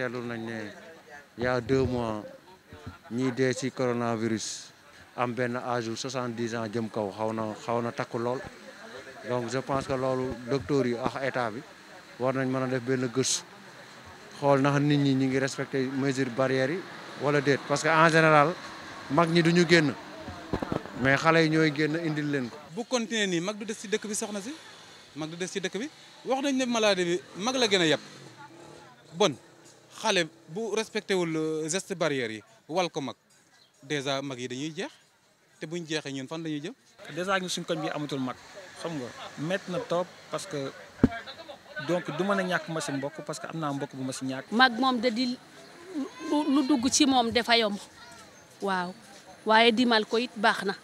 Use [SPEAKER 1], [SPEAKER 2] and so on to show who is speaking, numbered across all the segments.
[SPEAKER 1] seetlu nañ ne y a deux mois ñiy dee ci coronavirus am benn âge wu soixante-dix an jëm kaw xaw na xaw na takku lool donc je pense que loolu docteur yi ak état bi war nañ mën a def benn gëstu xool ndax nit ñi ñu ngi respecté mesures barrières yi wala déet parce que en général mag ñi duñu génn mais xale yi ñooy génn indil leen ko. bu
[SPEAKER 2] continuer nii mag du des ci dëkk bi soxna si mag du des ci dëkk bi wax nañ ne maladie bi mag la gën a yab xale bu respecté wul euh, geste barrière yi wal ko mag dèjà mag yi dañuy jeex te buñ jeexee ñun fan la ñuy jëm. dèjà ñu suñ koñ bi amatul mag xam nga métti na topp parce que donc du mën a ñàkk ma si mbokk parce que am naa mbokk bu ma si ñàkk.
[SPEAKER 3] mag moom da di lu dugg ci moom dafa yomb waaw waaye dimal ko it baax na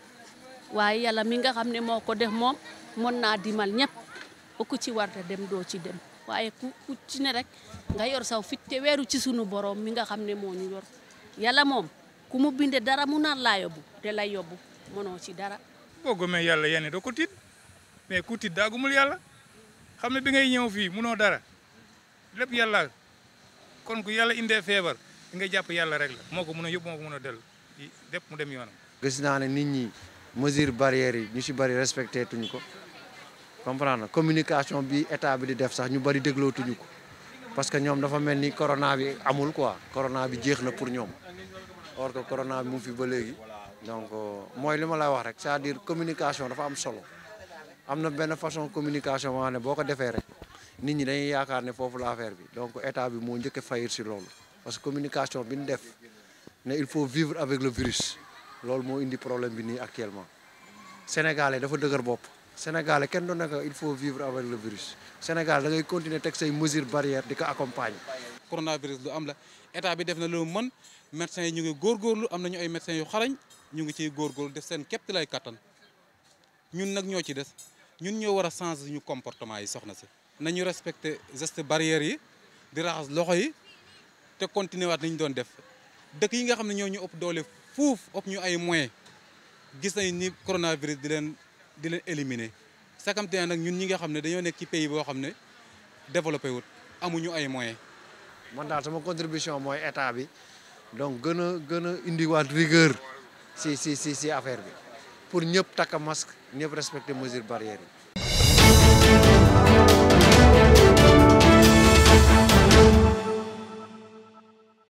[SPEAKER 3] waaye yàlla mi nga xam ne moo ko def moom mën naa dimal ñëpp ku ci war dem doo ci dem. waaye ku ku ci ne rek nga yor saw fit te weeru ci sunu boroom mi nga xam ne moo ñu yor yàlla moom ku mu binde dara mu naan laa yóbbu te lay yóbbu mënoo si dara.
[SPEAKER 4] boo gëmee yàlla yéen doo ko tiit mais ku tiit daa gumul yàlla xam ne bi ngay ñëw fii munoo dara lépp yàlla kon ku yàlla indee feebar di nga jàpp yàlla rek la moo ko mun a yóbbu moo ko mun a dellu lépp mu dem yoonam.
[SPEAKER 1] gis naa ne nit ñi mesure barrière yi ñu si bari respecté tuñ ko. comprendre na communication bi état bi di def sax ñu bëri déglootuñu ko parce que ñoom dafa mel ni corona bi amul quoi corona bi jeex na pour ñoom or ko corona bi mu fi ba léegi donc euh, mooy li ma lay wax rek c'est-à-dire communication dafa am solo am na benn façon communication boo xam ne boo ko defee rek nit ñi dañuy yaakaar ne foofu la affaire bi donc état bi moo njëkk a fayir si loolu parce que communication bi ñu def ne il faut vivre avec le virus loolu moo indi problème bi nii actuellement sénégalais dafa dëgër bopp Sénégal kenn doon naka il faut vivre avec le virus da ngay continuer teg say mesures
[SPEAKER 2] barrières di ko accompagner. coronavirus lu am la état bi def na lu mën médecins yi ñu ngi góor góorgóorlu am nañu ay médecins yu xarañ ñu ngi ciy góorgóorlu def seen képp lay kàttan ñun nag ñoo ci des ñun ñoo war a changer ñu comportement yi soxna si. nañu respecter geste barrières yi di raxas loxo yi te continuer waat nañu doon def dëkk yi nga xam ne ñoo ñu ëpp doole fuuf ëpp ñu ay moyens gis nañ ni coronavirus di leen. di leen éliminer sakamte nag ñun ñi nga xam ne dañoo nekk ci pays boo xam ne développé wut
[SPEAKER 1] amuñu ay moyens. man daal sama contribution mooy état bi donc gën a gën a indiwaat rigueur si si si si affaire bi pour ñëpp takk masque ñëpp respecter mesures barrières yi.